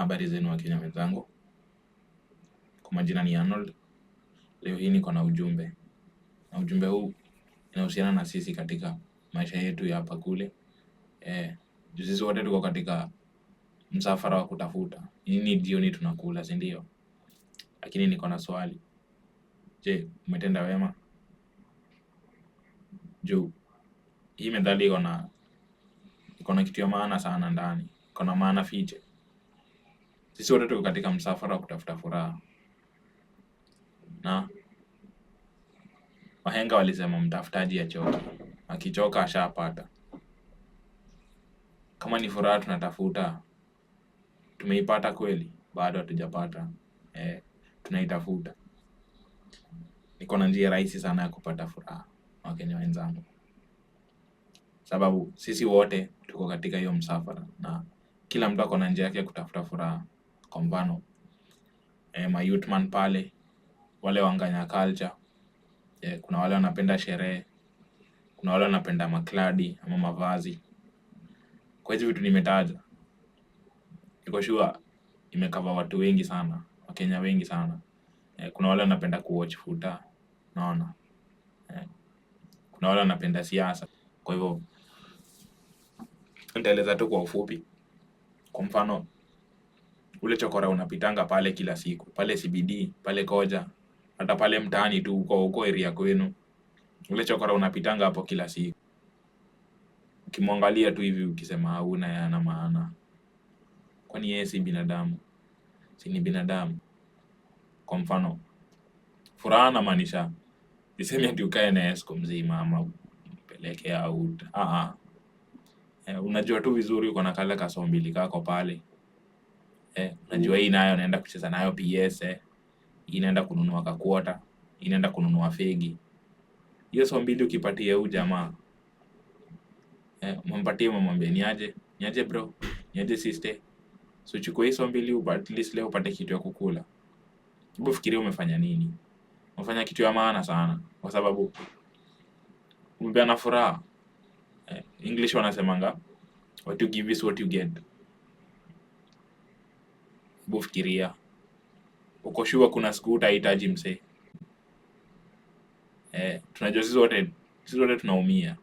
Habari zenu Kenya wenzangu, kwa majina ni Arnold. Leo hii niko na ujumbe, na ujumbe huu inahusiana na sisi katika maisha yetu ya hapa kule. Eh, sisi wote tuko katika msafara wa kutafuta nini jioni tunakula, si ndio? Lakini niko na swali. Je, umetenda wema? Juu hii methali iko na iko na kitu ya maana sana ndani, iko na maana fiche sisi wote tuko katika msafara wa kutafuta furaha, na wahenga walisema mtafutaji achoke, akichoka ashapata. Kama ni furaha tunatafuta, tumeipata kweli? Bado hatujapata. e, tunaitafuta. Niko na njia rahisi sana ya kupata furaha, Wakenya wenzangu, sababu sisi wote tuko katika hiyo msafara na kila mtu ako na njia yake ya kutafuta furaha kwa mfano eh, mayutman pale, wale wanganya culture eh, kuna wale wanapenda sherehe, kuna wale wanapenda makladi ama mavazi. Kwa hizi vitu nimetaja, iko sure imekava watu wengi sana, Wakenya wengi sana e, kuna wale wanapenda kuwatch futa, naona e, eh, kuna wale wanapenda siasa. Kwa hivyo nitaeleza tu kwa ufupi, kwa mfano ule chokora unapitanga pale kila siku pale CBD pale Koja, hata pale mtaani tu uko uko area kwenu, ule chokora unapitanga hapo kila siku, ukimwangalia tu hivi ukisema hauna yana maana, kwani yeye si binadamu? Si ni binadamu? Kwa mfano furaha na maanisha isemi ati ukae naye siku mzima ama upeleke out, ah ah, eh, unajua tu vizuri uko na kale kasaumbili kako pale eh, unajua hii nayo naenda kucheza nayo PS eh, inaenda kununua kakuota, inaenda kununua fegi. Hiyo so mbili ukipatia huyu jamaa eh, umpatie umwambie niaje, niaje bro, niaje sister, so chukua hizo mbili at least leo upate kitu ya kukula. Hebu fikiria umefanya nini? Umefanya kitu ya maana sana, kwa sababu umepeana furaha. Eh, English wanasemanga what you give is what you get. Bofikiria uko sure kuna siku utahitaji mse? Eh, tunajua sisi wote sisi wote tunaumia,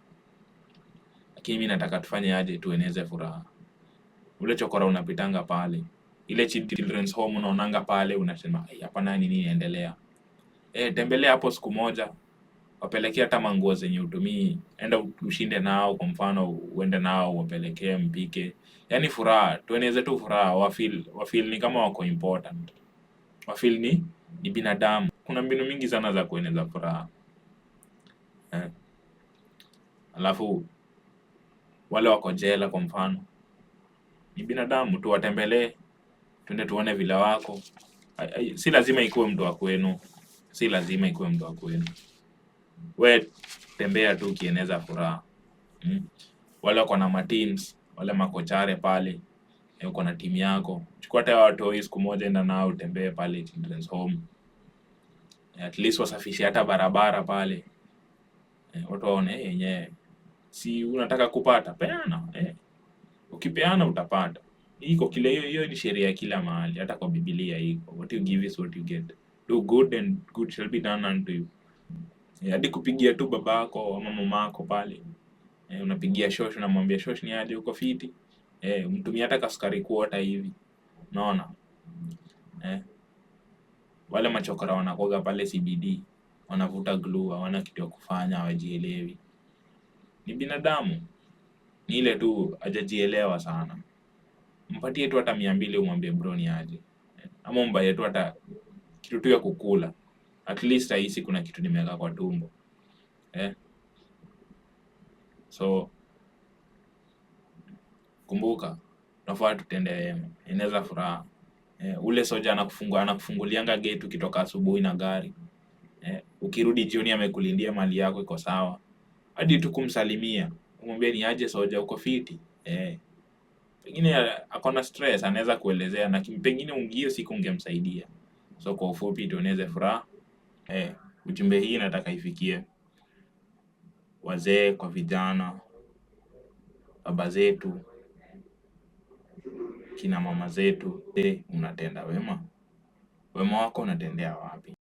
lakini mimi nataka tufanye aje tueneze furaha. Ule chokora unapitanga pale, ile children's home unaonanga pale, unasema hapana, nini inaendelea? Eh, tembelea hapo siku moja wapelekee hata manguo zenye utumii, enda ushinde nao, kwa mfano uende nao wapelekee mpike, yani furaha, tueneze tu furaha, wafil wafil ni kama wako important, wafil ni ni binadamu. Kuna mbinu mingi sana za kueneza furaha eh. Alafu wale wako jela kwa mfano ni binadamu, tuwatembelee, tuende tuone vile wako. Si lazima ikuwe mtu wa kwenu, si lazima ikuwe mtu wa kwenu we tembea tu ukieneza furaha mm. Wale wako na mateams wale makochare pale, eh, uko na timu yako, chukua hata watu siku moja, enda nao utembee pale children's home, eh, at least wasafishe hata barabara pale eh, watu waone yenyewe si unataka kupata peana eh. Ukipeana utapata, iko kile hiyo hiyo, ni sheria ya kila mahali, hata kwa Biblia iko, what you give is what you get, do good and good shall be done unto you. Eh, hadi kupigia tu babako ama mm. mamako pale e, unapigia shosh, unamwambia shosh, ni aje, uko fiti e, eh, mtumia hata kasukari kuota hivi, unaona e, wale machokora wanakoga pale CBD wanavuta glue, hawana kitu ya kufanya, hawajielewi. Ni binadamu, ni ile tu hajajielewa sana. Mpatie tu hata mia mbili umwambie bro ni aje, ama mbaye tu hata kitu tu ya kukula at least ahisi kuna kitu nimeweka kwa tumbo eh? So kumbuka, tunafaa tutende wema, eneza furaha eh. Ule soja anakufungu, anakufungulianga gate ukitoka asubuhi na gari eh, ukirudi jioni amekulindia mali yako iko sawa, hadi tukumsalimia kumsalimia umwambie ni aje soja, uko fiti eh. Pengine akona stress anaweza kuelezea, na pengine ungio siku ungemsaidia. So kwa ufupi, tueneze furaha. Eh, ujumbe hii nataka ifikie wazee kwa vijana, baba zetu, kina mama zetu. Je, unatenda wema? Wema wako unatendea wapi?